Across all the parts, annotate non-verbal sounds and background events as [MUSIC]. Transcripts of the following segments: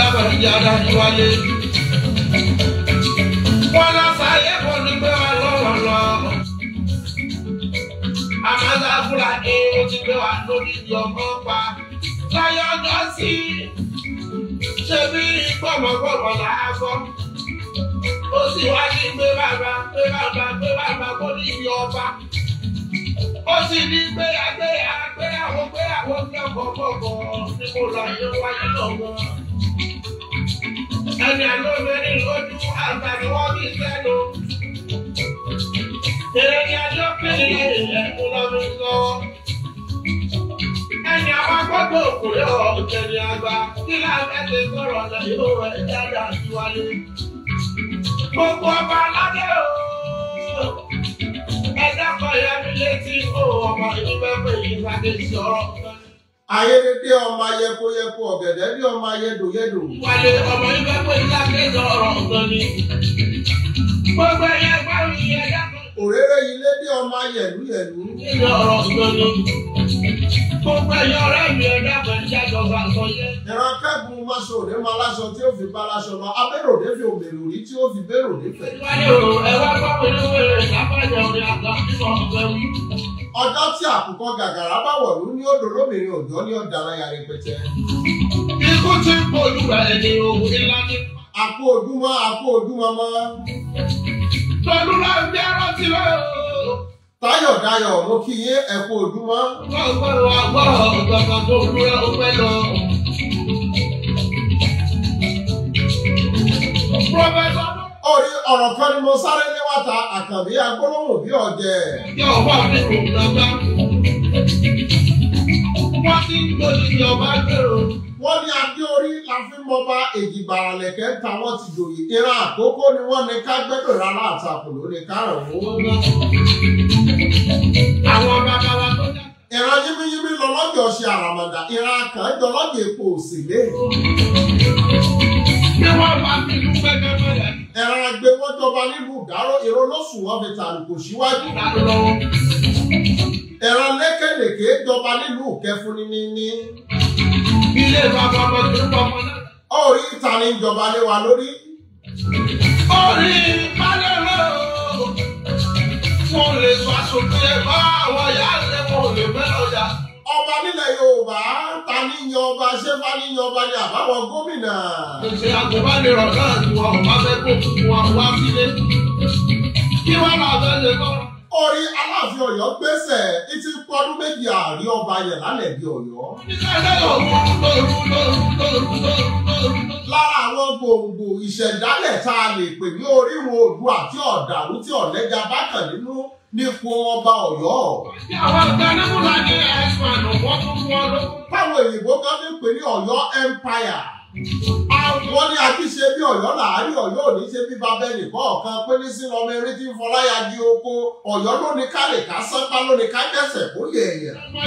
ọ̀dà Khadija adájú wálé. wọ́n lọ́sà ayé kò ní wa lọ́wọ́ lọ. àmàlà Fúlàní ó ti gbé wa lórí ìdí ọmọ pa. láyé ọjọ́ sí ṣebí gbọ̀mọ̀gbọ̀mọ̀ là á gbọ́. ó sì wá ní gbé bàbá gbé bàbá gbé bàbá kó ní ìdí ọba. ó sì ní gbéyàgbéyà gbéyàwó gbéyàwó ní ọgọgọgọ ní mo lọ yẹ wáyé lọ́wọ́ ẹni àlọ́ọ̀lù ẹni lójú àgbàdo wọn bí sẹ́nu. Èrèdí ajọ́ pèlè ẹ̀kún lọ́dún sọ. Ẹni àwọn akọ́gbọ̀ òkúrẹ́ ọ̀tẹ̀lẹ̀ àgbà tí láàbẹ̀tẹ̀ sọ̀rọ̀ ọ̀nà yóò rẹ̀ dáadáa sí wálé. Gbogbo ọba aládé o. Ẹ̀dá kan yẹn mi létí ó ọmọ ìlú mẹ́fẹ̀ẹ́ yìí bá dé sí ọ̀rọ̀ kan ayédèdè ọmọ ayẹpo yẹpo ọ̀gẹ̀dẹ̀ bí ọmọ ayẹdò yẹdò. wàlẹ̀ ọmọ yìí bá pè ní akéèzọ ọ̀rọ̀ ọ̀gbọ́n ni. gbogbo ẹ̀yà gbàrú ìyẹn yàtọ̀. òréré ilé bí ọmọ ayẹlú yẹlú. ìyẹn ọ̀rọ̀ ọ̀gbọ́n ni gbogbo ẹ̀yọ́ ọ̀rẹ́ mi ẹ̀dá pẹ̀lú ìran kẹ́gùn maṣọ òde máa láṣọ tí ó fi bá láṣọ lọ abẹ́ròdé fi òmèrò rí tí ó fi bẹ́rò nífẹ̀ẹ́. ọjọ́ tí àkùkọ gàgàrà bá wọ̀lú ní odò lómìnirin òjò ní ọ̀dàlá yàrá ìpẹ̀tẹ́. ikú ti ń bọ̀ olúwa ẹni òun ńlá ní. àpò òdúmọ̀ àpò òdúmọ̀ mọ́. tọ́lú náà ń jẹ́ rántí lọ́yọ̀. Táyọ̀dáyọ̀ mo kí yé ẹ̀kú òdúmọ́. Ọgbà ògbọ́rọ̀ agbọ́rọ̀ ọ̀gbọ̀gbọ̀ tó dúró ó pẹ́ lọ. Orí ọ̀rọ̀ kan ni mo sáré níwáta àkànbí agbólóhùn bí ọ̀jẹ̀. Ìjọba mi kò gbàgbá bọ́ sí ojì ọba gbèrò. wọ́n ní adé orí la fi ń mọba èjìgbà àlẹ̀kẹ́ táwọn ti dòye. ìran àkókò ni wọ́n ní ká gbẹ́dọ̀ rárá àtàkùn ló ní ká rẹ̀ àwọn bàbá wa tó dá ìran yínbíyínbí lọ ṣe àràmàdà ìran àkànjọ lọ́jọ́ epo òsèlè. ìran agbẹ́wọ́jọba nílùú ìdáró ìró ló sùn fi tàlùkò síwájú ẹ̀ràn lékèlèké jọba nílùú kẹfúnni níní. ilé bàbá ọmọ tó pọ̀ mọ́ náà. orí ìta ni ìjọba lé wa lórí. orí ìpalẹ̀rẹ̀ o wọn lè sọ aṣojú ẹ bá àwọn ìyá rẹ wọn lè mẹ́lọ́jà. ọba nílẹ̀ Yorùbá ta ní yan ọba ṣẹ́fà ní yan ọba ní àbáwọn gómìnà. ṣe àgùnbánirọ̀ náà ni wọn ò bá fẹ́ kó fún wa wá sílé kí wọ́n lọ́ọ́ fẹ́ ṣe kọ́ orí aláàfin Ọ̀yọ́ gbèsè ti pọdún méjì àárí ọba yẹn lálẹ́ bí Ọ̀yọ́. lára àwọn gbòǹgbò ìṣẹ̀dálẹ̀ tá a lè pè ní orírun odò àti ọ̀dàrú tí ọ̀lẹ́jà bá kàn nínú nípò ọba Ọ̀yọ́. àwọn gbanáwó la ní ẹ̀sùn àná wọ́n tún wọ́n lọ. báwo òyìnbó kan ní pè ní Ọ̀yọ́ empire wọ́n ní àti ṣe bí ọ̀yọ́ làárí ọ̀yọ́ ò ṣe bí babẹ́lì bọ́ ọ̀kan pé ní sí lọ́mọ eré tí ń fọláyà di oko ọ̀yọ́ ló ká lè ká sánpá ló ká gbẹ̀sẹ̀ kó yẹ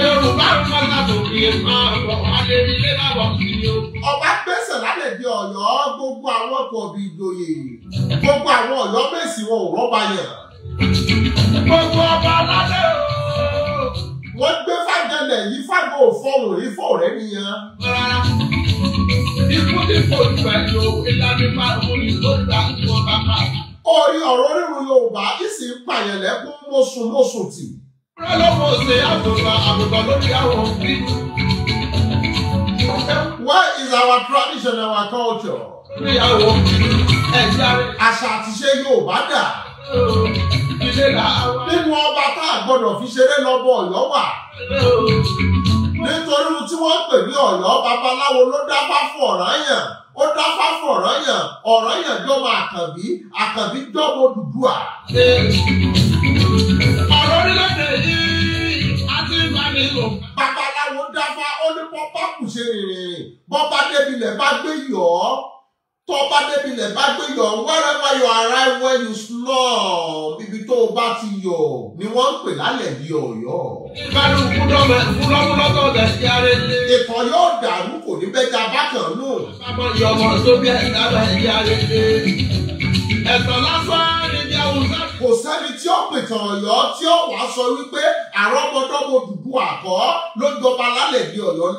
yorùbá ń bá gbàdọ̀ kí ẹ máa lọ alẹ́ ilé lábọ̀ kiri o. ọba gbẹ̀sẹ̀ lálẹ́ di ọ̀yọ́ gbogbo àwọn ọkọ̀ bíi ìjòyè gbogbo àwọn ọ̀yọ́ mẹ́sì wọn ò rọ́bà yẹn. gbogbo ọba alálẹ́ o wọ́n gbé fàgẹ́lẹ̀ yìí fàgọ́ òfọ̀rùn ilé ìfowópamọ́ ni ìlànà márùn-ún ní máa. orí ọ̀rọ̀ rírun yorùbá kì ń pààyàn lẹ́kún mọ́sùn tì. rẹ́ lọ́mọ ṣe àbùbà àbùbà lórí àwọn òbí. where is our tradition our culture. ìyàwó ẹ̀jẹ̀ àṣà àtiṣe yorùbá dà nínú ọba tá a gbọdọ̀ fi ṣeré lọ́bọ̀ ọ̀yọ́ wà nítorí tí wọ́n pè ní ọ̀yọ́ babaláwo ló dáfá fún Ọ̀rànyàn ó dáfá fún Ọ̀rànyàn Ọ̀rànyàn jọba àkànbí àkànbí jọba Odùduwà. ọ̀rọ̀ orílẹ̀-èdè yìí a ti ń bá mi lò. babaláwo dáfá ó ní pọ́pá kù ṣe rìnrìn bọ́ba débilẹ̀ bá gbé yọ̀ ọ́ tó bá débi lẹ̀ bá gbé yọ̀ wherever you arrive when you slum ibi tó o bá ti yọ̀ ni wọ́n ń pè lálẹ́ bí ọ̀yọ́. ìbánu fúnlọ́múlọ́tọ̀ ọ̀gá sí ara ilé. ìkọ̀ yóò dàrú kò ní bẹ́ẹ̀ jábá kan nù. bàbá yọ ọmọ tó bí ẹ̀ dábàá sí ara ilé. ẹ̀sán lásán ni bí àwùjọ kò sẹ́ni tí ó pìtàn ọ̀yọ́ tí ó wàá sọ wípé àrọ́mọdọ́mọ Odùduwà kọ́ ló jọba lálẹ́ bí ọ̀yọ́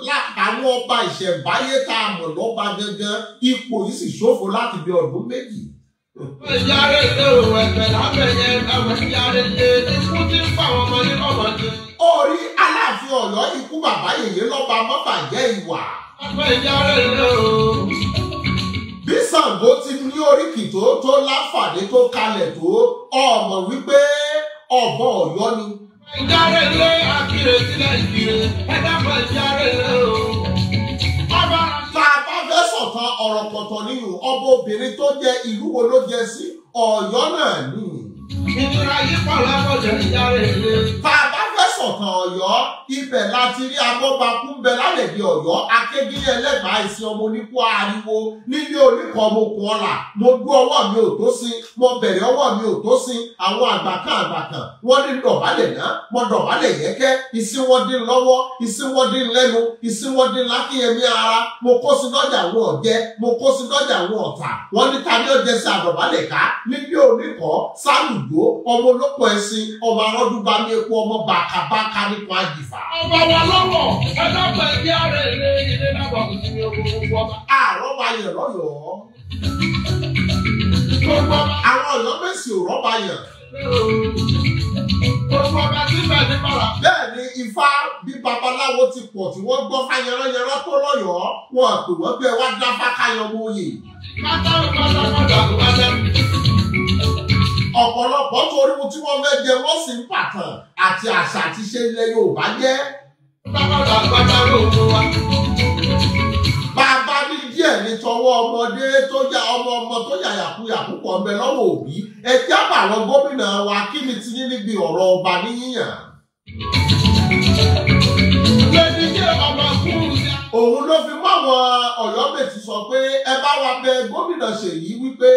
àwọn ọba ìṣẹ̀ǹbáyé tá a mọ̀ lọ́ba gangan ipò yìí sì ṣòfò láti bí ọdún méjì. orí aláàfin ọ̀yọ́ ikú bàbá yèyé lọ́ba mọ́bàjẹ́ ìwà. ọgbẹ́ ìyá rẹ̀ bí Ṣàngó ti ní oríkì tó tó láǹfààní tó kalẹ̀ tó ọmọ wípé ọ̀bọ Ọ̀yọ́ ni. ìjàre lé akíre sílẹ̀ ìkírè ẹ̀dá kan ìjàre lé o. tá a bá fẹ́ sọ̀tàn ọ̀rọ̀ pọ̀tọ̀ nínú ọba obìnrin tó jẹ ìlú wo ló jẹ sí Ọ̀yọ́ náà ni. ìtura yípo lọ́kọ̀jẹ̀ ìjàre lé ọ̀tàn ọ̀yọ́ ibẹ̀ láti rí agbọ́bakú ń bẹ lálẹ́dí ọ̀yọ́ akégilé ẹlẹ́gbàá ìsìn ọmọ oníkó ariwo nílé oníkan mo kọ ọ̀la mo gbé ọwọ́ mi ò tó sin mo bẹ̀rẹ̀ ọwọ́ mi ò tó sin àwọn àgbàkan àgbàkan wọ́n ní dọ̀bálẹ̀ náà mo dọ̀bálẹ̀ yẹ́kẹ́ ìsìn wọn dín lọ́wọ́ ìsìn wọn dín lẹ́nu ìsìn wọn dín lákìyẹmí ara mo kó sí lọ́jà wọn ọ̀jẹ́ mo kó sí lọ́jà wọn ọ̀tà wọ́n ní tani ọ̀jẹ́ sí àdọ̀bálẹ̀ ká nílé oníkọ́ sálùdó ọmọ olóko ẹ̀sìn ọmọ arọ́dúgbàmí epo ọmọ bàkàb bá kárí kó àjìfà. ọba wa lọ́wọ́ ẹlọ́pàá ẹbí ara ilé ilé náà bàbá ti ní gbogbo ọba. àárọ̀ wa yẹ̀ lọ́yọ̀ọ́. gbogbo ọba. àwọn ọ̀yọ́ mẹ́sì ò rọ́bà yẹ̀. gbogbo ọba tí bẹ́ẹ̀ ní bàrà. bẹ́ẹ̀ ni ifá bí babaláwo ti pọ̀ tí wọ́n gbọ́ fáyẹrẹ́yẹrẹ́ tó lọ́yọ̀ọ́ wọn àpè wọ́n bẹ́ẹ̀ wá dáfá káyọ̀ wọ́ọ̀yè. pátá ọ̀pọ̀lọpọ̀ torí mo tí wọ́n fẹ́ jẹ wọ́n sì ń pàtàn àti àṣà àti ṣe ilẹ̀ Yorùbá jẹ́. bàbá mi díẹ̀ ní tọwọ́ ọmọdé tó ya ọmọ ọmọ tó yà yàkuyà púpọ̀ ọbẹ̀ lọ́wọ́ òbí ẹ jábà lọ gómìnà wa kí ni ti yín níbi ọ̀rọ̀ ọba ní yíyàn. òun ló fi mọ́ àwọn Ọ̀yọ́ sọ pé ẹ bá wa bẹ gómìnà Ṣèyí wípé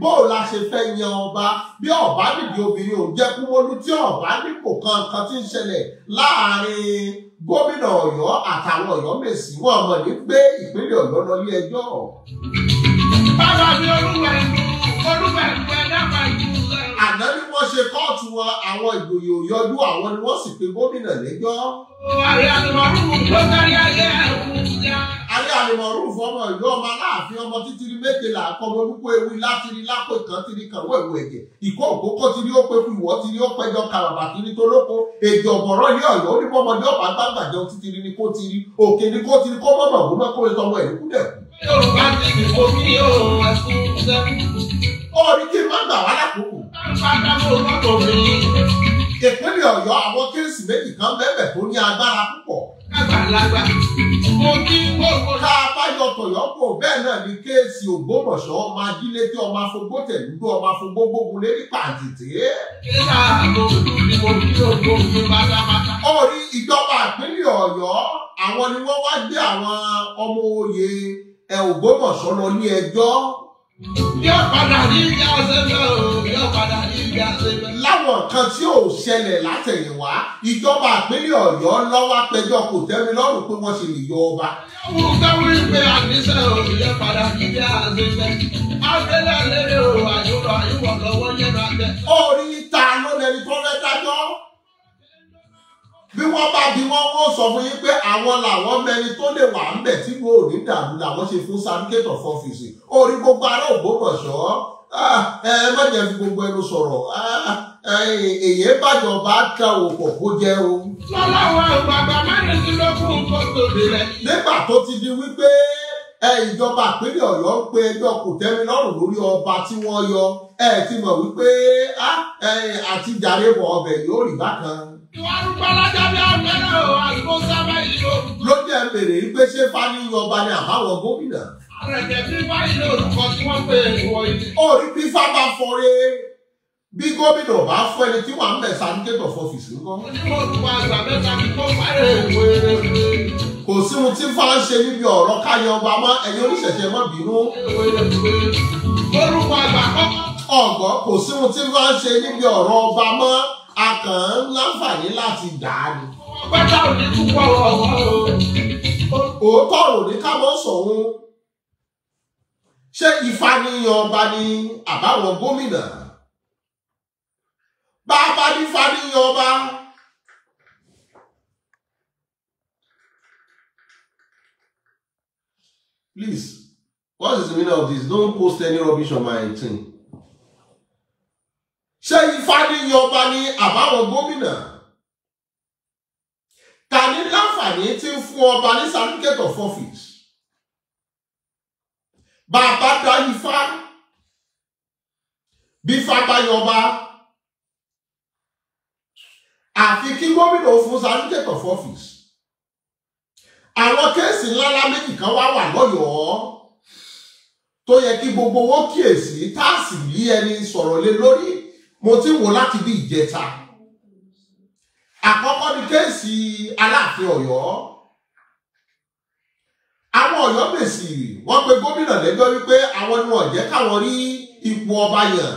bóò la ṣe fẹ́ yan ọba bí ọba dìde obìnrin ò jẹ́ Kúwọ́lú tí ọba dípò kankan ti ń ṣẹlẹ̀ láàrin gómìnà Ọ̀yọ́ àtàwọn Ọ̀yọ́ Mèsì wọn ọmọ ní gbé ìpínlẹ̀ Ọ̀yọ́ lọ ilé ẹjọ́. bàbá mi olúwa ẹni. Àná ni wọ́n ṣe kóòtù wọn àwọn ìgbòyè òyọdún àwọn ni wọ́n sì pe gómìnà lẹ́jọ́. Ààrẹ àlùmọ̀rún ló kárí ayé ẹ̀hún ya. Ààrẹ àlùmọ̀rún fọmọ ìlú ọmọ aláàfin ọmọ títírí mékèlà àkọmọ orúkọ ewu látìrí lápò kan tírí kan wẹ̀wù ẹ̀jẹ̀. Ìkó òkókó tírí ó pe fún ìwọ́ tírí ó péjọ kàràbà tírí tó lóko. Èdè ọ̀bọ̀rọ̀ ní ọ̀yọ́ onípọ̀mọdé ọ̀bá gbàgbàjọ ọ̀rí kí n má gbà wá lákòókò. ìpínlẹ̀ ọ̀yọ́ àwọn kéèsì méjì kan bẹ́ẹ̀ tó ní agbára púpọ̀. ká a bá yọ tọ̀yọ́ bẹ́ẹ̀ náà ni kéèsì ògbómọ̀ṣọ́ ọmọ ajílété ọmọ afogbó tẹ̀lúdó ọmọ afogbó gbógun lé ní pàǹtìtì. ọ̀rí ìjọba ìpínlẹ̀ ọ̀yọ́ àwọn ni wọ́n wá gbé àwọn ọmọ òye ẹ̀ ògbómọ̀ṣọ́ lọ ní ẹjọ́ yóò láwọn nǹkan tí ò ṣẹlẹ̀ látẹ̀yìnwá ìjọba àpínlẹ̀ ọ̀yọ́ lọ́wọ́ apẹjọ́ kò tẹ́mi lọ́rùn pé wọ́n ṣe lè yọ ọba. mo fẹ́ wí pé àdísẹ́ o padà ní ibi àṣẹlẹ àṣẹlẹ lérè o àyùbọ̀ àyùbọ̀ lọ́wọ́ yẹn lọ́wọ́ orí ta ló lẹni tó fẹ́ dájọ́ bí wọ́n bá bí wọ́n wọ́n sọ fún yín pé àwọn làwọn mẹni tó lè wà ń bẹ̀ tí wọn ò ní dàlú làwọn ṣe fún certificate of office orí gbogbo ará Ògbómọ̀ṣọ́ ah, ẹ mọ̀jẹ̀ fi gbogbo ẹnu sọ̀rọ̀ ah, èyí bàjọ́ bá ta òpò kó jẹ́ o. sọláwọ bàbá márùndínlógún kò tóbi rẹ. nígbà tó ti di wípé ìjọba ìpínlẹ̀ Ọ̀yọ́ ń pe ẹjọ́ kò tẹ́mi lọ́rùn lórí ọba tí wọ́n yọ ẹ ti mọ̀ wípé ah, àtijàre wọ ọbẹ̀ yóò rí bákan ìwà arúgbó alájábí àfẹ́rẹ́ o àgbo sábà yìí o. ló jẹ́ bèrè pé ṣé fani ọba ni àbáwọ̀ gómìnà. àrẹ̀jẹ̀ bí báyìí ní orúkọ tí wọ́n pè é wọ ilé. ó rí bí fábà fọre bí gómìnà bá fọ ẹni tí wàá mẹ sanitébọ fọfìsì ńkọ. onímọ̀ òtún àgbà mẹ́ta ni kò fáyọ̀ ìwé kò sí ohun tí fáwọn ṣe níbi ọ̀rọ̀ káyọ̀ ọba mọ́ ẹ̀yin oníṣẹ̀ṣẹ̀ mọ́ bínú. orúkọ àgbà kọ́. ọ̀gọ́ kò sí ohun tí fáwọn ṣe níbi ọ̀rọ̀ ọba mọ́ a kàn ń láǹfààní láti dà á ni. pátá òní tún pọ̀ ọ̀wọ́ o. òótọ́ òní káwọ́ sọ̀hún ṣé ìfàníyàn ọba ni àbáwọn gómìnà bá a bá ní ìfàníyàn ọba. Please, what is the meaning of this? Don't post any rubbish on my thing yí ọba ní àbáwọn gómìnà ta ní láǹfààní tí ń fún ọba ní certificate of office bàbá da ifá bí ifá bá yọ ọba àfi kí gómìnà fún certificate of office àwọn kéèsì ńláńlá méjì kan wá wà lọ́yọ̀ọ́ tó yẹ kí gbogbo owó kíyèsí tá a sì rí ẹni sọ̀rọ̀ lé lórí mo ti wò láti bí ìjẹta àkọ́kọ́ ni kéèsì aláàfin ọ̀yọ́ àwọn ọ̀yọ́ mèsì wọ́n pe gómìnà lẹ́jọ́ wípé àwọn ni wọ́n jẹ́ káwọn rí ipò ọba yàn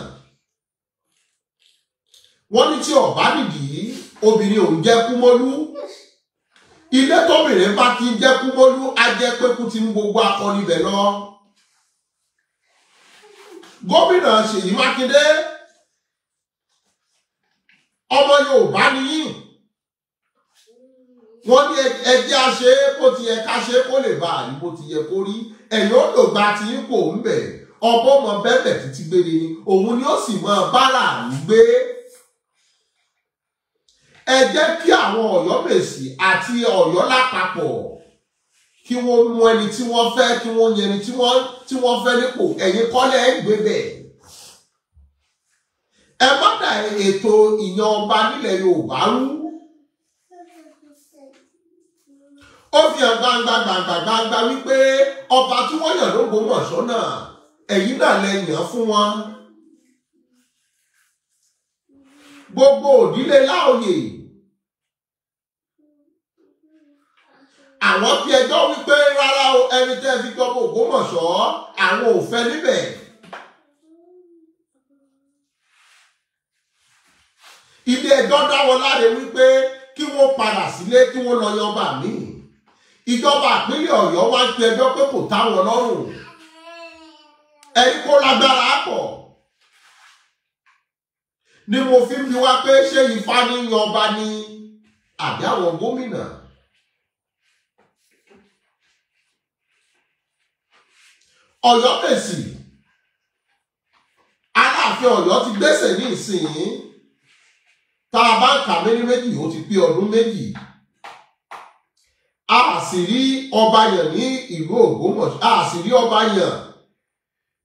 wọ́n ní tí ọba nìdí obìnrin òun jẹ́ kúmọ́lú ilé tóbìnrin bá ti jẹ́ kúmọ́lú á jẹ́ pé kú ti ń gbogbo akọni bẹ̀ lọ gómìnà Ṣèyí Mákindé ọmọ Yorùbá ni yín wọ́n ní ẹjẹ àṣe kó ti yẹ ká ṣe kó lè bá àrí bó ti yẹ kó rí ẹ̀yin ó lògbà tí yín kò ń bẹ ọbọ ọmọ bẹbẹ títí gbére ni òun ni ó sì máa bára gbé ẹ jẹ́ kí àwọn Ọ̀yọ́mèsì àti Ọ̀yọ́ lápapọ̀ kí wọ́n mú ẹni tí wọ́n fẹ́ kí wọ́n yẹni tí wọ́n fẹ́ nípò ẹ̀yin kọ́lẹ̀ ẹ̀ gbé bẹ́ẹ̀ ẹ má dà ètò ìyan ọba nílẹ̀ Yorùbá rú ó fi hàn gbangba gbangba gbangba wípé ọba tí wọ́n yàn lÓgbómọ̀ṣọ́ náà ẹ̀yin náà lẹ yàn fún wọn gbogbo òdílé láòyè àwọn fi ẹjọ́ wípé rárá o ẹni tẹ́ fi gbọ́ Ògbómọ̀ṣọ́ àwọn ò fẹ́ níbẹ̀. ilé ẹjọ́ dáwọ́ láre wípé kí wọ́n padà sílé kí wọ́n lọ yọba míì ìjọba àpínlẹ̀ ọ̀yọ́ wá ju ẹjọ́ pé kò táwọn lọ́rùn ẹ̀yìn kó lágbára pọ̀ ni mo fi fi wá pé ṣé ifá ní ọba ni àbí àwọn gómìnà. ọ̀yọ́ fèsì aláàfin ọ̀yọ́ ti gbèsè ní ìsìn tá a bá ń kà méjì méjì ó ti pé ọdún méjì a sì rí ọba yàn ní ìlú Ògbómọ̀ṣọ́ a sì rí ọba yàn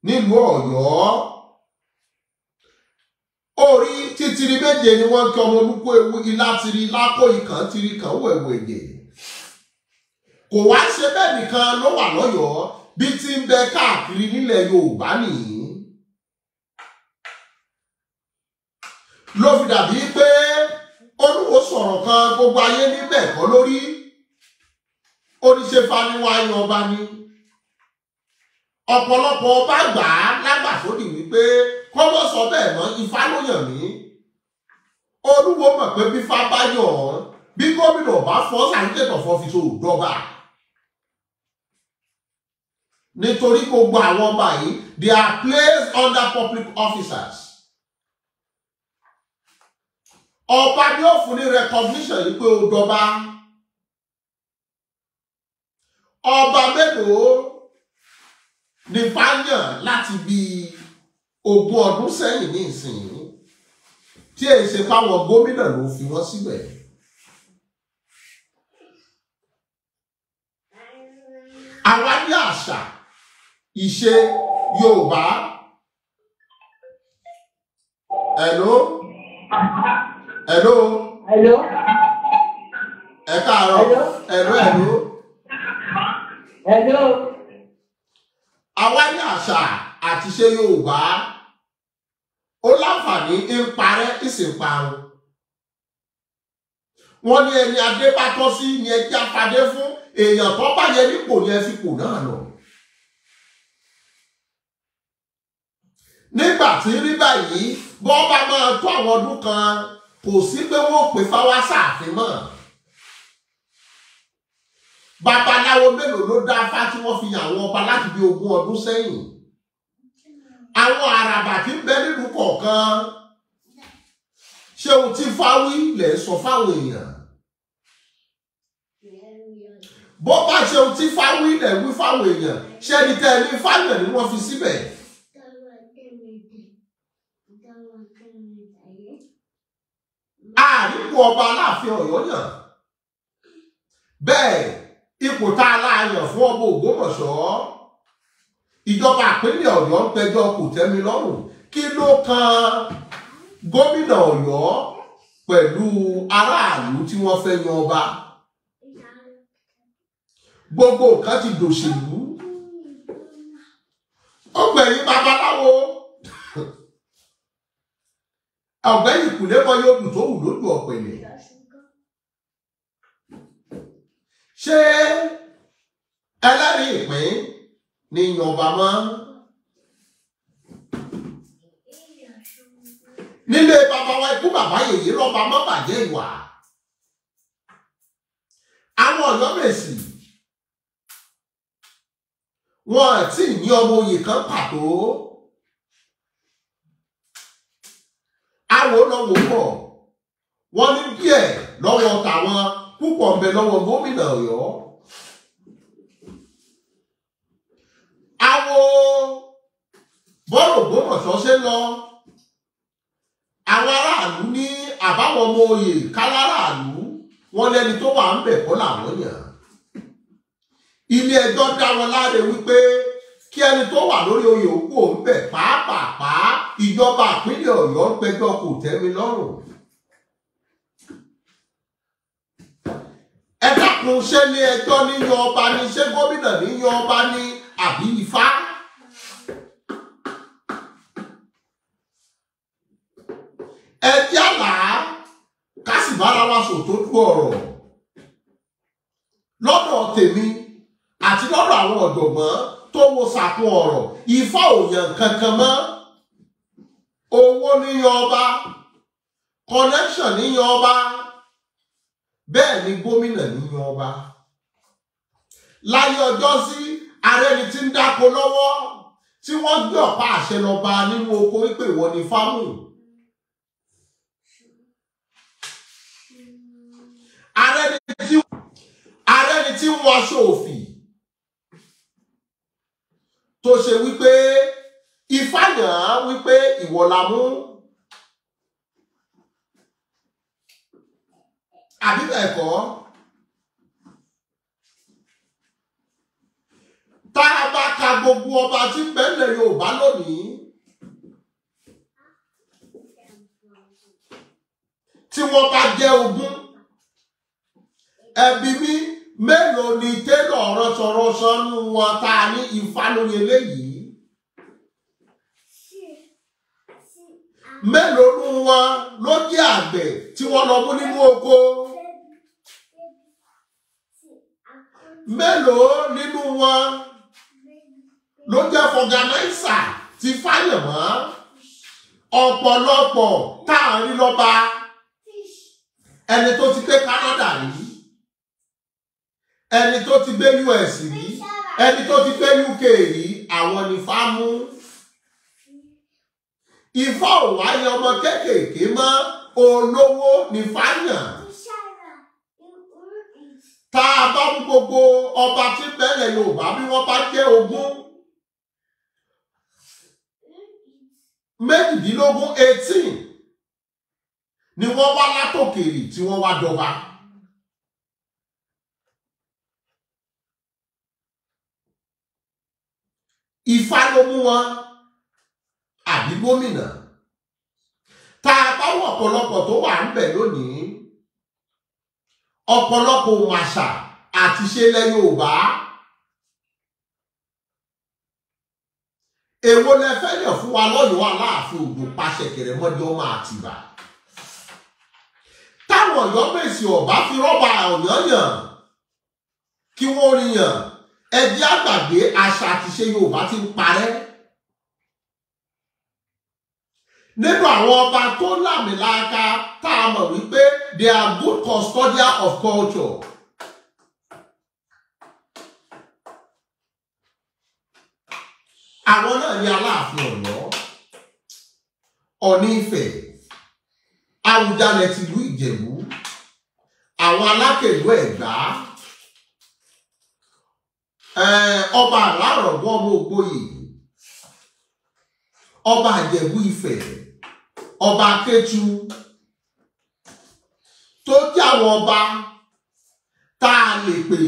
nílùú Ọ̀yọ́ orí títìrí méje ni wọ́n kí ọmọ olúkọ ewu ilá tiri lápò ikàn tiri kan wẹ̀wù èdè kò wá ṣe bẹ́ẹ̀ nìkan ló wà lọ́yọ̀ọ́ bí ti ń bẹ káàkiri nílẹ̀ Yorùbá nìyí ló fi dàbí pé olúwo sọ̀rọ̀ kan gbogbo ayé níbẹ̀ kọ́ lórí oníṣẹ́fà ni wọ́n ayọ̀ ọba ni ọ̀pọ̀lọpọ̀ ọba gbà á lágbàsódì wípé kọ́mọ́ sọ bẹ́ẹ̀ mọ́ ifá ló yàn mí olúwo mọ̀ pé bífá bá yọ̀ ọ́ bí gómìnà bá fọ́ sàríkẹ́tọ̀ fọ́ fi so dọ́gba nítorí gbogbo àwọn ọba yìí they are placed under public officers ọba ni ó fún ní recognition yìí pé ó dọba ọba mélòó ní fáyàn láti bí ogún ọdún sẹ́yìn ní ìsinyìí tí èyí ṣe fáwọn gómìnà ló fi wọ́n síbẹ̀. àwa ní àṣà ìṣe Yorùbá. Hello. Hello. Hello. Ẹ káàárọ̀. Hello. Hello. Hello. Àwa ní àṣà àti ṣe Yorùbá. Ó láǹfààní ń parẹ́ ìsìnparun. Wọ́n ní ẹni adé bá tọ́ sí ni ẹ já padé fún èèyàn tó bá yẹ nípò ni ẹ fi pò náà lọ. Nígbà tí rí báyìí, bọ́ bá máa tó àwọn ọdún kan kò sí pé wọ́n pè fáwọn sáàfin mọ́ babaláwo mélòó ló dá fá tí wọ́n fi yàn àwọn ọba láti bí ogún ọdún sẹ́yìn àwọn àràbà tí ń bẹ nínú kọ̀ọ̀kan ṣé ohun tí fáwí lè sọ fáwọn èèyàn bó bá ṣe ohun tí fáwí lè wí fáwọn èèyàn ṣé ẹni tẹ́ ẹni fáwọn ni wọ́n fi síbẹ̀. àríkù ọba aláàfin ọ̀yọ́ yàn bẹ́ẹ̀ ipò tá a láàyàn fún ọba ògbómọ̀ṣọ́ ìjọba àpínlẹ̀ ọ̀yọ́ ń pẹjọ́ kò tẹ́mi lọ́rùn kí ló kan gómìnà ọ̀yọ́ pẹ̀lú aráàlú tí wọ́n fẹ́ yan ọba gbogbo nǹkan ti dòṣèlú ọgbẹ̀yìn babaláwo [LAUGHS] ọ̀gbẹ́yìn kùlé mọ yóò dùn tó wù lójú ọ̀pẹ̀lẹ̀ ṣé ẹlẹ́rìí ìpín ni yọba mọ́ nílé bàbá wa ikú bàbá yèyí rọba mọ́ bàjẹ́ ìwà àwọn ọ̀yọ́ mèsì wọn àti ní ọmọ oyè kan pàtó àwọn ọlọ́wọ́ pọ̀ wọ́n ní díẹ̀ lọ́wọ́ tàwọn púpọ̀ ń bẹ lọ́wọ́ gómìnà ọ̀yọ́. àwo bọ́ọ̀lù Ògbómọ̀ṣọ́ ṣe lọ àwọn aráàlú ní àbáwọn ọmọ oyè káláràlú wọn lẹni tó wà ń bẹ̀ kọ́ làwọn yàn ilé ẹjọ́ dá wọn láre wípé kí ẹni tó wà lórí oyè òkú òun bẹ̀ pàápàá ìjọba ìpínlẹ̀ Ọ̀yọ́ ń pẹjọ́ kò tẹ́mi lọ́rùn dákun ṣé ní ẹjọ́ ní yọ ọba ni ṣé gómìnà ní yọ ọba ni àbí ifá. ẹ yálà ká sì bára wa sòtótó ọ̀rọ̀ lọ́dọ̀ tèmi àti lọ́dọ̀ àwọn ọ̀jọ̀gbọ́n tó wo sàkún ọ̀rọ̀ ifá ò yàn kankan mọ́ owó níyan ọba connection níyan ọba bẹ́ẹ̀ ni gómìnà ní yan ọba láyé ọjọ́ sí ààrẹ ni ti ń dáko lọ́wọ́ tí wọ́n gbé ọ̀pá àṣẹ lọ bá nínú oko wípé ìwọ ni fámù ààrẹ ni tí ń wọṣọ òfì tó ṣe wípé ìfàyàn wípé ìwọ àbí bẹ́ẹ̀ kọ́ tá a bá ka gbogbo ọba tí bẹ́ẹ̀lẹ̀ Yorùbá lónìí tí wọ́n bá jẹ́ ogún ẹbí mi mélòó ni tẹ́lọ̀ rọṣọrọṣọ nù wọn tá a ní Ifá lórí eléyìí. mélòó nù wọn ló jẹ́ àgbẹ̀ tí wọ́n lọ mú nínú oko. mélòó nínú wọn ló jẹ́ fọgànáìsà ti fáyẹ̀mọ́ ọ̀pọ̀lọpọ̀ táàrin lọ́ba ẹni tó ti gbé Canada rí ẹni tó ti gbé US rí ẹni tó ti gbé UK rí àwọn ni fámú ifá ò wáyé ọmọ kéékèèké mọ́ olówó ni fáyàn tá a bá mú gbogbo ọba tí bẹ́lẹ̀ Yorùbá bí wọ́n bá jẹ́ ogún méjìdínlógún eighteen ni wọ́n wá látòkèrè tí wọ́n wá dọba. Ifá ló mú wọn àbí gómìnà tá a bá wọ̀ ọ̀pọ̀lọpọ̀ tó wà ń bẹ̀ lónìí ọ̀pọ̀lọpọ̀ màṣà àti ṣe lẹ Yorùbá èwo lẹ fẹ́ yàn fún wa lọ́yọ̀ọ́ Aláàfin Ògún pàṣẹ kẹrẹ mọ́jọ́ máa tìbà táwọn Ọ̀yọ́ Mèsì ọba fi rọ́bà Ọ̀yọ́ yàn kí wọ́n rí yàn ẹjẹ́ àgbàgbé àṣà àti ṣe Yorùbá ti ń parẹ́ nínú àwọn ọba tó làmìlaka tá a mọ̀ wípé they are good custodian of culture. àwọn náà ní aláàfin ọ̀yọ́ ọ̀ní ifẹ̀ àwùjalẹ̀ tìlú ìjẹ̀bú àwọn alákèlú ẹ̀gbá eh, ọba àlárọ̀gbọ́ ọmọ ògbóyè ọba àjẹ̀bú ifẹ̀ ọba Kétu tó jẹ́ àwọn ọba tá a lè pè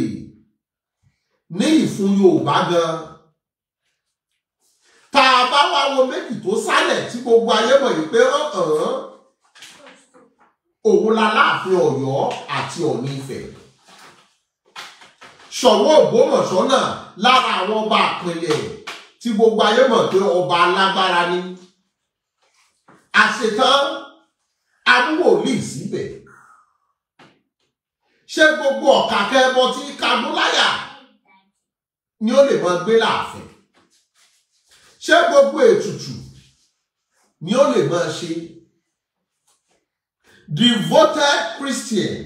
ní ìfún Yorùbá gan tá a bá wá wo méjì tó sálẹ̀ tí gbogbo ayé mọ̀ yìí pé ọ̀hún òun la láàfin Ọ̀yọ́ àti Ọ̀ọ̀ni Ifẹ̀ Ṣọ̀ún Ògbómọ̀ṣọ́ náà lára àwọn ọba àpilẹ̀ tí gbogbo ayé mọ̀ pé ọba alágbára ni àṣetán amúwòlíì síbẹ̀ ṣé gbogbo ọ̀kà kẹbọ tí kadúláyà ni ó lè máa gbé láàfin ṣé gbogbo ètùtù ni ó lè máa ṣe devoted Christian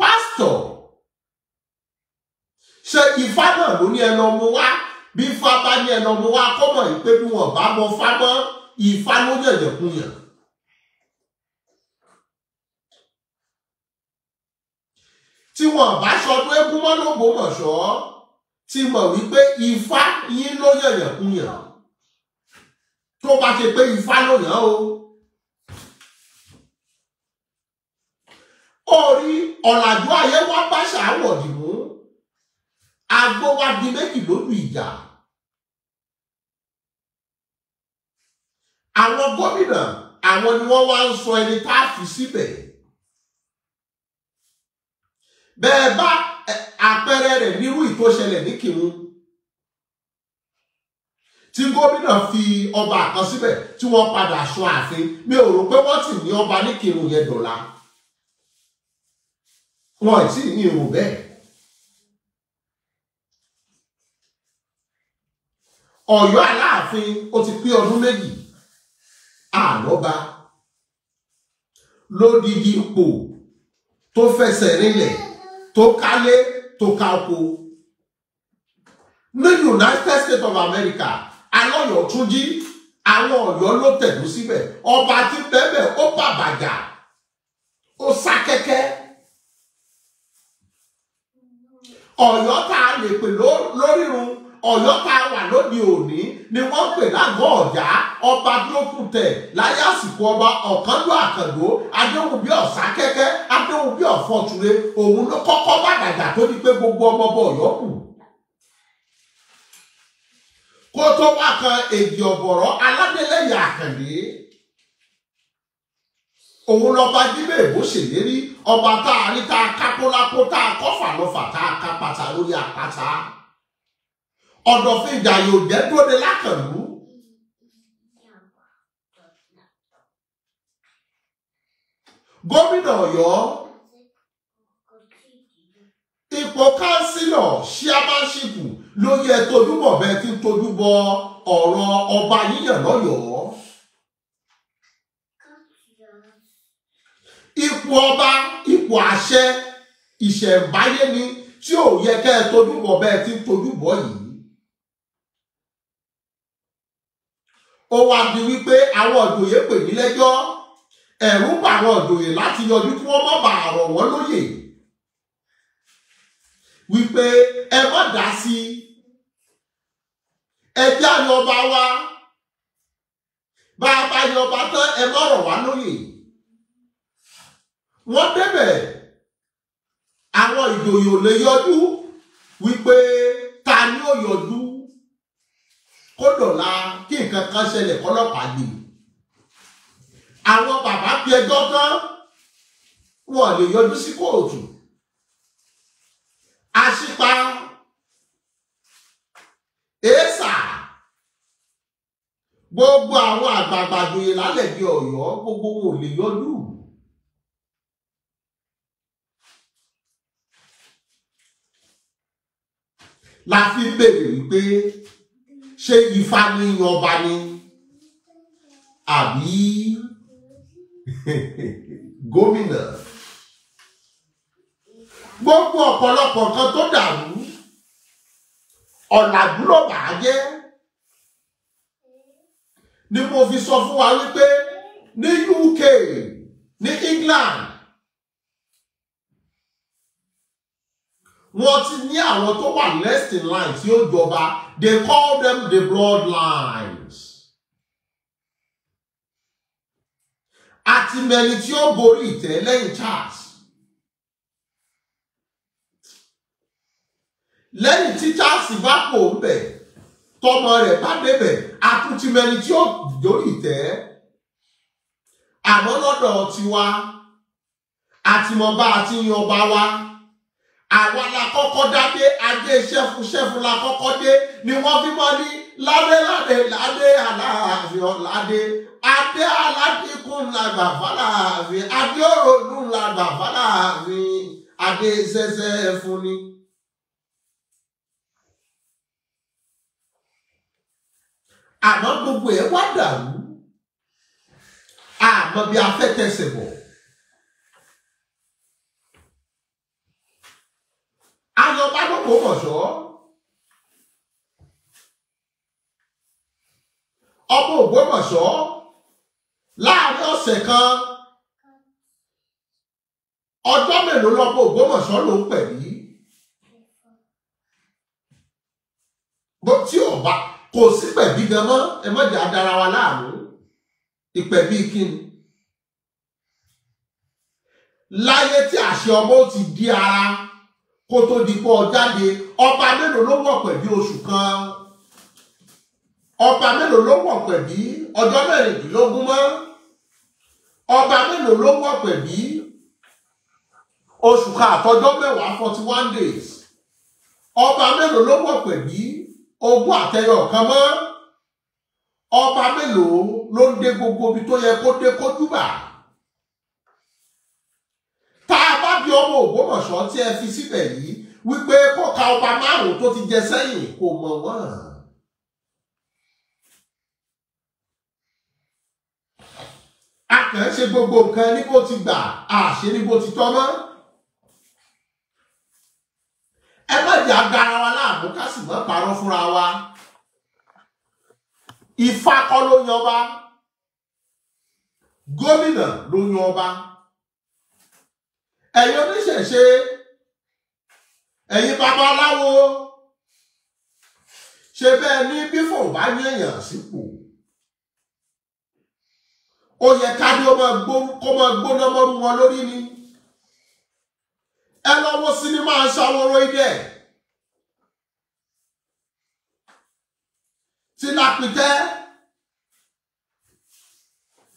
pastor ṣe ifá náà ló ní ẹnu ọmọ wa bí ifá bá ní ẹnu ọmọ wa kọ́mọ̀ ìpé wọn bá mọ fá mọ́. Ìfá ló jẹ̀jẹ̀ kún yẹn. Tí wọ́n bá ti mọ̀ wípé Ifá yín ló yẹ̀yẹ̀ kún yẹn. Tó bá ṣe pé Ifá ló yàn o. Orí ọ̀làjú ayé wá bá ṣàwọ̀dì mú. Agbó wa di méjì lójú ìjà. àwọn gómìnà àwọn ni wọ́n wá ń sọ ẹni tá a fi síbẹ̀ bẹ́ẹ̀ bá àpẹẹrẹ rẹ̀ nírú ìtòṣẹlẹ̀ ní kìnnú tí gómìnà fi ọba kan síbẹ̀ tí wọ́n padà sọ ààfin mi ò rò pé wọ́n sì ní ọba ní kìnnú yẹn dọ̀la wọn ì tí ì ní ìrò bẹ́ẹ̀. Ọ̀yọ́ aláàfin ó ti pé ọdún méjì ànọ́ba lódìdí ipò tó fẹsẹ̀ rinlẹ̀ tó kálé tó káko ní United States of America alọ́yọ̀ tún jí àwọn ọ̀yọ́ ló tẹ̀dú síbẹ̀ ọba tí bẹ́ẹ̀ ó bàbàjà ó sá kẹ́kẹ́ ọ̀yọ́ tá a lè pè lórírun ọ̀yọ́ tá a wà lóde òní ni wọ́n pè lágọ̀ọ́ ọ̀já ọba dúrókùtẹ̀ láyé àsìkò ọba ọ̀kánlú àkàndó adéhùnbí ọ̀sá kẹ́kẹ́ adéhùnbí ọ̀fọ̀túnrẹ́ òun ló kọ́kọ́ bá dàgbà tó di pé gbogbo ọmọ ọba ọ̀yọ́ kù kó tó wá kan èdè ọ̀bọ̀rọ̀ aládélẹ́yìn àkàndé òun lọba jíbẹ̀ èbó ṣèlérí ọba tá a rí tá a kápólápó tá a kọfà lọfà tá a kápátá lórí àpáta ọ̀dọ̀fin ìjàyè ò jẹ́ dúró de lákàlú. gómìnà Ọ̀yọ́ ipò kánsílọ̀ ṣíámánṣípù ló yẹ tojúbọ bẹ́ẹ̀ tí tojúbọ ọ̀rọ̀ ọba yíyàn lọ́yọ̀ọ́. ipò ọba ipò àṣẹ ìṣẹ̀ǹbáyé ni tí ò yẹ kẹ́ ẹ tojúbọ bẹ́ẹ̀ tí yìí. ó wá di wípé àwọn ìjòyè pè ní lẹ́jọ́ ẹ̀rù bà àwọn ìjòyè láti yọjú kí wọ́n má bà àrọ̀ wọ́n lóyè wípé ẹ má dá sí ẹ jẹ́ àyọ̀ ọba wa bá a bá yọ ọba tán ẹ má rọ̀ wá lóyè wọ́n débẹ̀ àwọn ìjòyè ò lè yọjú wípé ta ni ó yọjú kó dọ̀la kí nǹkan kan ṣẹlẹ̀ kọ́lọ́pàá gbé àwọn bàbá bí ẹjọ́ kan wọ́n lè yọjú sí kóòtù àṣìpa èésà gbogbo àwọn àgbààgbà joyè lálẹ́ bí Ọ̀yọ́ gbogbo wọn ò lè yọjú. la fi béèrè wípé ṣé ifá ní ọba ni àbí [LAUGHS] gómìnà gbogbo ọ̀pọ̀lọpọ̀ nǹkan tó dàrú ọ̀làjú ló bàá jẹ́ ni mo fi sọ fún wa wípé ní UK ní England wọ́n ti ní àwọn tó wà next in line tí ó jọba they call them the broad lines. mẹni tí ó borí ìtẹ́ lẹ́yìn Charles. lẹ́yìn tí Charles bá kò ń bẹ̀ tọmọ rẹ̀ bá débẹ̀ àtúntì mẹni tí ó borí ìtẹ́ àmọ́ lọ́dọ̀ tiwa àtìmọ̀ba àti yan ọba wa àwa la kọ́kọ́ dádé adé ṣẹ́fù ṣẹ́fù la kọ́kọ́ dé ni wọ́n fi mọ́ ní ládé ládé ládé aláàfin ládé adé aládìkún làgbà fàlàfin adé òrònú làgbà fàlàfin adé ṣẹṣẹ fún ni. àmọ́ gbogbo ẹ̀ wá dàrú àmọ́ bí afẹ́tẹ̀sẹ̀ bọ̀. lọ bá lọ́pọ̀ ọ̀ṣọ́ ọba Ògbómọ̀ṣọ́ láàrin ọ̀sẹ̀ kan ọjọ́ mélòó lọ́pọ̀ Ògbómọ̀ṣọ́ ló ń pẹ̀lú bó tí ọba kò sí pẹ̀bí gan mọ́ ẹ má jà dára wa láàmú ìpẹ̀bí kí láyé tí àṣẹ ọmọ ó ti di ara kó tó di pọ̀ jáde ọba mélòó ló wọ̀ pẹ̀bí oṣù kan ọba mélòó ló wọ̀ pẹ̀bí ọjọ́ mẹ́rìndínlógún mọ́ ọba mélòó ló wọ̀ pẹ̀bí oṣù kan àtọjọ́ mẹ́wàá forty one days ọba mélòó ló wọ̀ pẹ̀bí ogún àtẹyọ kan mọ́ ọba mélòó ló ń dé gbogbo ibi tó yẹ kó dé kó dúbà. Adé ọmọ Ògbómọ̀ṣọ́ tí ẹ fi síbẹ̀ yìí wípé kó ka ọba márùn-ún tó ti jẹ sẹ́yìn kò mọ̀ wọ́n. a kàn ń ṣe gbogbo nǹkan ní bó ti gbà a ṣe ní bó ti tọ́ mọ́. ẹ má jẹ́ agbára wa láàmú ká sì má parọ́ fúnra wa. Ifá kọ́ ló yan ọba gómìnà ló yan ọba ẹ̀yin oníṣẹ̀ṣe ẹ̀yin babaláwo ṣe bẹ́ẹ̀ ní bífò bá yẹ̀yàn sípò ó yẹ káde ó máa gbó kó máa gbóná mọ́rú wọn lórí ni ẹ lọ wo sinimá aṣàwòrán idẹ tí lápìtẹ́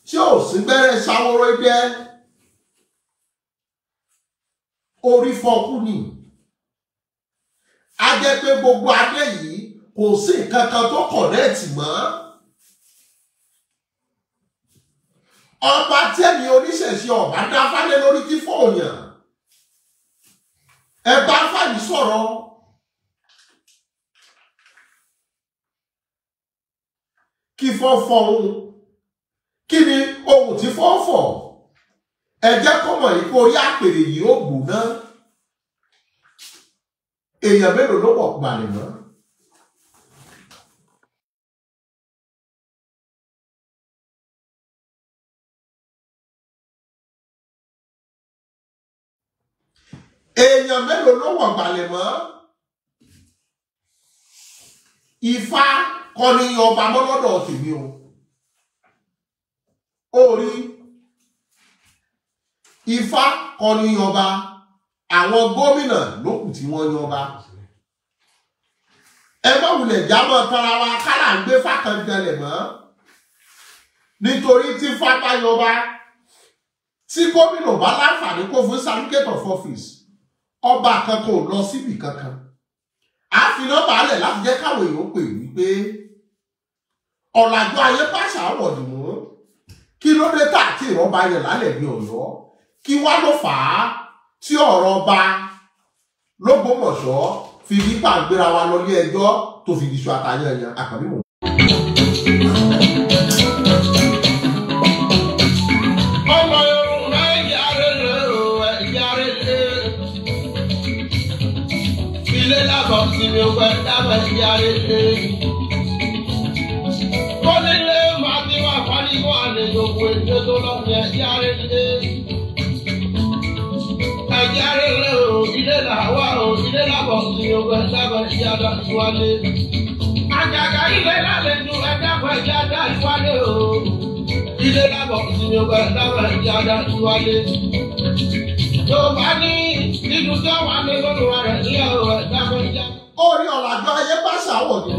tí ò sí gbẹ́rẹ́ aṣàwòrán idẹ orí fọkú ni a jẹ́ pé gbogbo adé yìí kò sí nǹkan kan tó kọ̀rẹ́ẹ̀tì mọ́ ọba tẹ́mi oníṣẹ̀ṣe ọ̀bá dáfálé lórí kí fọ̀ọ̀yàn ẹ bá fàyè sọ̀rọ̀ kí fọ́ fọ́ òun kí ni ohun tí fọ́ fọ́ ẹ jẹ́ kó mọ̀ yìí kó orí àpèrè yìí ó gbóná èèyàn mélòó ló wọ̀ gbàlè mọ́. èèyàn mélòó ló wọ̀ gbàlè mọ́. Ifá kọ́ ni ọba mọ́ lọ́dọ̀ tèmi o. ó ifá kọ́ ní yanba àwọn gómìnà ló kù tí wọ́n yanba ẹ má wulẹ̀ jábọ̀ tọ́ra wa kálá ń gbé fàkànjẹlẹ̀ mọ́ nítorí tí fápá yanba tí gómìnà bá láǹfààní kó fún certificate of office ọba kankan ò lọ síbi kankan àfi nọ́mbà alẹ̀ láti jẹ́ káwọn èèyàn pè wípé ọ̀làjọ ayé pàṣà wọ̀dùnmọ́ kí ló dé tà tí ìrọ́bà yẹn lálẹ́ ní ọ̀yọ́ kí wá ló fà á tí ọ̀rọ̀ ọba l'Ógbómọ̀ṣọ́ fi yípa gbéra wa lọ ilé ẹjọ́ tó fi diṣu àtàyànyàn àkànbí mọ̀. Ilé lábọ̀ làwà o ilé làbọ̀ ní ogun ẹ̀dábọ̀ ní yàrá ìwálé. àjàgà ilé lálejò ẹ̀dábọ̀ ní yàrá ìwálé o. ilé làbọ̀ ní ogun ẹ̀dábọ̀ ní yàrá ìwálé. yorùbá ní nínú tó wà ní lóluwà rẹ̀ ní ọ̀rọ̀ ẹ̀dábọ̀ ní yàrá. orí ọ̀làjọ ayé bá ṣàwọ̀dọ̀.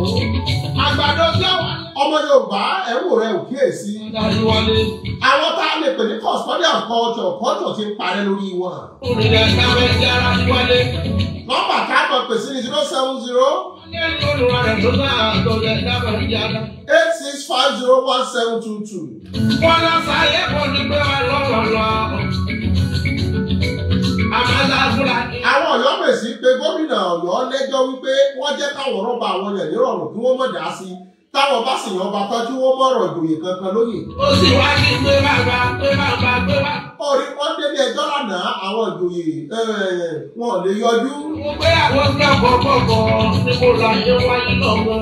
àgbàdo tó wà ọmọ yorùbá ẹrù rẹ ò kíyèsí. àwọn tá a lè pè ní custody of culture culture ti ń parẹ́ lórí wọn. ìrìnà ìdáwẹ́ ti ara zero seven zero. eight six five zero one seven two two. wọ́n lọ sáyé kò ní pé wà lọ́wọ́lọ́ àwọn ọ̀yọ́ mèsì pé gómìnà ọ̀yọ́ lẹ́jọ́ wípé wọ́n jẹ́ káwọn rọ́bà àwọn yẹn nírọ̀rùn kí wọ́n mọ̀ dá sí i táwọn bá sì yan ọba tọ́jú wọ́n mọ̀rọ̀ ìgboyè kankan lóyè. ó sì wá sí pé bàbá pé bàbá pé bàbá. orí wọn débi ẹjọ́ lánàá àwọn ìgboyè eh, wọn ò lè yọjú. mo gbé àwọn gbàgbọ́ gbọ̀ngàn tí mo lọ ṣe wáyé lọ́wọ́.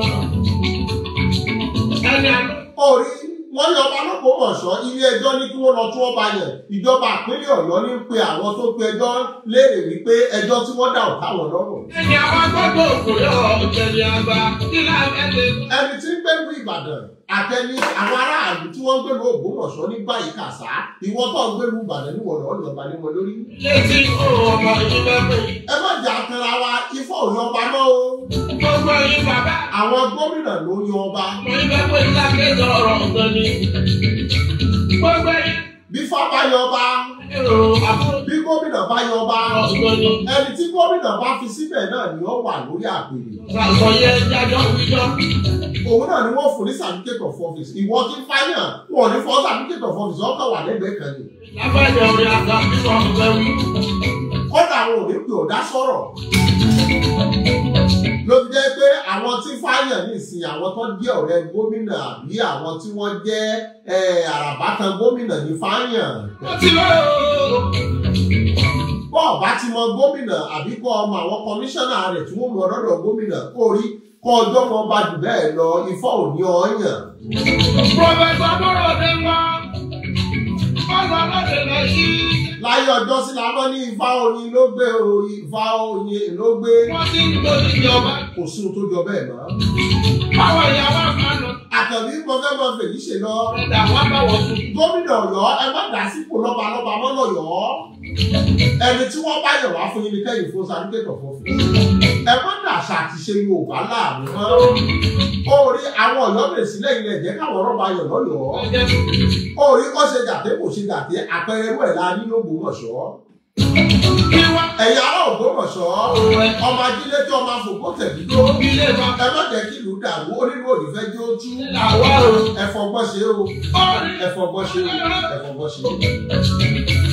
ẹni àná. orí wọ́n ní ọba náà kò mọ̀ṣọ́ ilé ẹjọ́ ní kí wọ́n lọ tún ọba yẹn ìjọba àpínlẹ̀ ọ̀yọ́ ní pe àwọn tó pe ẹjọ́ léèrè wípé ẹjọ́ tí wọ́n dà ọ̀tá wọn lọ́rùn. ẹni àwọn gbọ́dọ̀ òkú yọ̀ ọ̀jẹ̀ ni a gba kí láàbẹ̀ lè. ẹni tí ń gbẹ́rù ìbàdàn àtẹni àwọn aráàlú tí wọ́n ń gbèrú Ògbómọ̀ṣọ́ ní báyìí kàṣá ìwọ tó ń gbèrú Ìbàdàn ní wọlé ọdún ọba ní wọn lórí. létí òun ọmọ yín bá pè. ẹ má jà tẹra wa ifọ̀ ò yan ọba náà o. gbogbo yín bàbá. àwọn gómìnà ló yan ọba. mo ní bá pé lágbèjọ ọ̀rọ̀ ọ̀gbọ́n ni. gbogbo yín. bí fábá yan ọba. bí gómìnà bá yan ọba. ẹni tí gómìnà bá fi síbẹ̀ náà ni ó wà lórí àpèrè òun náà ni wọ́n fún ní certificate of office ìwọ ti fáyà wọn ò ní fọ́ certificate of office ọkọ̀ wà lẹ́gbẹ̀ẹ́ kan ni. lábàjẹ́ orí àgbà nínú ọdún fẹ́ wí. kódà àwọn òní pè ọ̀dá sọ̀rọ̀ ló fi jẹ́ pé àwọn tí fáyà ní ìsìn àwọn tó jẹ́ ọ̀rẹ́ gómìnà àbí àwọn tí wọ́n jẹ́ àràbátan gómìnà ní fáyà. ó ti lọ́ọ́ bọ́ọ̀ bá ti mọ gómìnà àbí ọmọ àwọn kọmíṣánná rẹ̀ tí wọ́n mú ọ̀dọ́dọ̀ kọ́ ọjọ́ kan bá jù bẹ́ẹ̀ lọ ifá ò ní ọ̀yàn. pọfẹsọ bọrọ ní wọn bọlá láti lọ sí. láyé ọjọ́ sí la mọ́ ní ifá oyin ló gbé oyin ifá oyin ló gbé. wọ́n ti ń gbòdì ìjọba. kò sí ohun tó jọ bẹ́ẹ̀ mọ́. báwo ni àwọn àmàlù. àtẹ̀bí pọfẹ́mọ fèyí ṣe lọ. ẹ̀dá wọn bá wọ fún. gómìnà ọ̀yọ́ ẹ má dà sípò lọ́balọ́ba mọ́ lọ́yọ̀ọ́. ẹni tí wọ́n bá yẹ̀ wá fún yín ni kẹ́yìn fún sàdúkẹ́tọ̀ fún fún ẹ má dàṣà àti ṣe Yorùbá láàmú mọ́ orí àwọn ọ̀yọ́mèsì lẹ́yìn ẹ̀jẹ̀ káwọn ọ̀rọ̀ bá yọ̀ lọ́yọ̀ọ́ orí kọ́ ṣe dàtẹ́ kò ṣe dàtẹ́ àpẹẹrẹ rú ẹ̀ la ní lóògbómọ̀ṣọ́ ẹ̀yà ará Ògbómọ̀ṣọ́ ọmọ ajílẹ́jọ́ ọmọ afọ̀gbọ́tẹ̀bídó ẹ má jẹ́ kí ìlú dàrú onírú òdìfẹ́ jẹ́ ojú ẹ̀fọ̀gbọ́n o ẹ̀fọ̀gbọ́n ṣe o ẹ̀fọ̀gbọ́n ṣe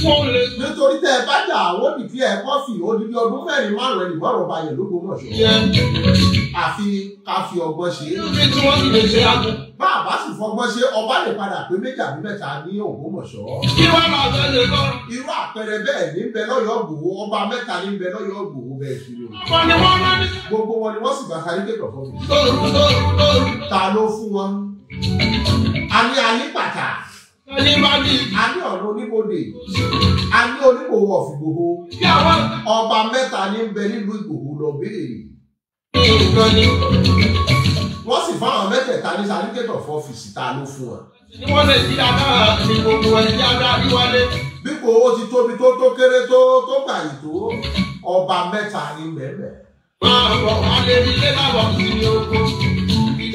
o. nítorí tẹ ẹ bá jà àwọn òdìdí ẹ kọfì odidi ọdún mẹ́rin márùn ẹni márùn ọba yẹn l'Ógbómọ̀ṣọ́ àfi ká fi ọgbọ́n ṣe é bá a bá sì fọgbọ́n ṣe ọba lè padà pé méjì àbí mẹ́ta ní Ògbómọ̀ṣọ́ bẹ lọ́yọ̀ ògbòho ọba mẹ́ta ní bẹ lọ́yọ̀ ògbòho bẹ́ẹ̀ sí i o. gbogbo wọn ni wọ́n sì gbà sáré dèkọ̀ fún mi. ta ló fún wọn. a ní alípàtà. a ní ọ̀nà oníbodè. a ní oníbòwò ọ̀fìgbòho. ọba mẹ́ta ní bẹ nílùú ìgbòho lọ béèrè. wọ́n sì fáwọn mẹ́tẹ̀ẹ̀ta ní sáré dèkọ̀ fún ọ́fíìsì ta ló fún wọn. ni wọ́n lè di agbára ni gbogbo ẹni agbára wíwálé dípò ó ti tóbi tó tó kéré tó tó gbàyè tó ọba mẹ́ta ní mẹ́rẹ̀. máa bọ̀ alẹ́ ilé máa bọ̀ kí oko.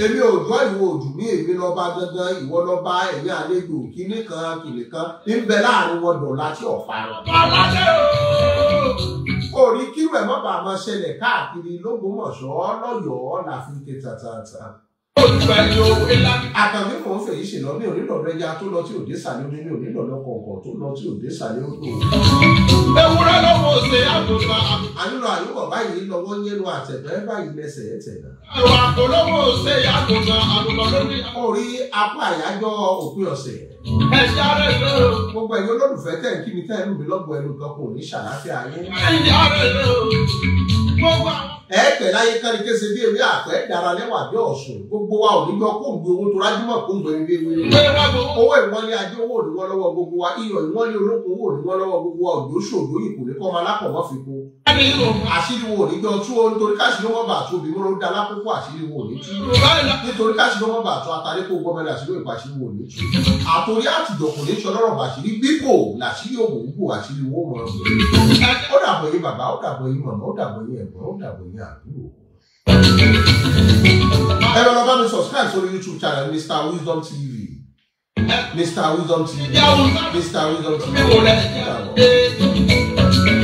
èmi ò jọ ìwọ òjù ní èmi lọ́ba dandan ìwọ lọ́ba ẹ̀mí àlejò kíní kan kìlì kan ń bẹ láàrin wọn dọ̀la tí ọ̀fà rẹ̀. ọlọ́dẹ o. orí kírú ẹ̀ má bàa máa ṣẹlẹ̀ káàkiri lógbómọ̀ṣọ́ lọ́yọ̀ọ́ làfi tètàtàtà àkànní kan fèyí ṣe lọ ní onílọ̀lọ́ ẹja tó lọ tí òde sàlẹ̀ omi ní onílọ̀lọ́ kọ̀ọ̀kan tó lọ tí òde sàlẹ̀ odò. ewúrẹ́ lọ́wọ́ ṣe àgùnbà. àlùlọ àlùkò báyìí lọ́wọ́ yẹnu àtẹ̀gbẹ́ báyìí lẹ́sẹ̀ ẹ̀tẹ̀ náà. ìwà olówó ṣe àgùnbà àgùnbà lórí. orí apá àyájọ́ òpin ọ̀sẹ̀. ẹ jáde lọ. gbogbo ẹ̀yin olólùfẹ́ tẹ̀ kí mi tẹ́ ẹ ẹ̀ẹ́pẹ̀ láyé kárí kése bí ewé àpẹ́ dára lẹ́wà bí ọ̀sùn gbogbo wa ò ní gbọ́ kó ń gbé owó tó rájúmọ̀ kó ń gbé ewé ewé owó ìwọ́n ní ajé owó òníwọ́ lọ́wọ́ gbogbo wa iyọ̀ ìwọ́n ní olóko owó òníwọ́ lọ́wọ́ gbogbo wa òdò ṣòdò ìkòlé kọ́ ọmọ alákọ̀ọ́ fi kó àṣírí wo òní jọ tú o nítorí káṣí ló wọ́n bà tó bí wọ́n ló da lákòókò àṣírí wo òní tú nítorí káṣí ló wọ́n bà tó atarí kó gbọ́mọ làṣírí òní àṣírí wo òní tú àtòrí àtìjọ kò ní sọ lọ́rọ̀ bàṣírí bíbò làṣírí òwò ń bò àṣírí wo mọ̀ ọ́ ó dàbọ̀ yín bàbá ó dàbọ̀ yín màmá ó dàbọ̀ yín ẹ̀ ẹ̀gbọ́n ó dàbọ̀ yín àbúrò. ẹ lọ lọ bá mi subscribe sórí YouTube channel Mr Wisdom TV Mr Wisdom TV Mr Wisdom TV.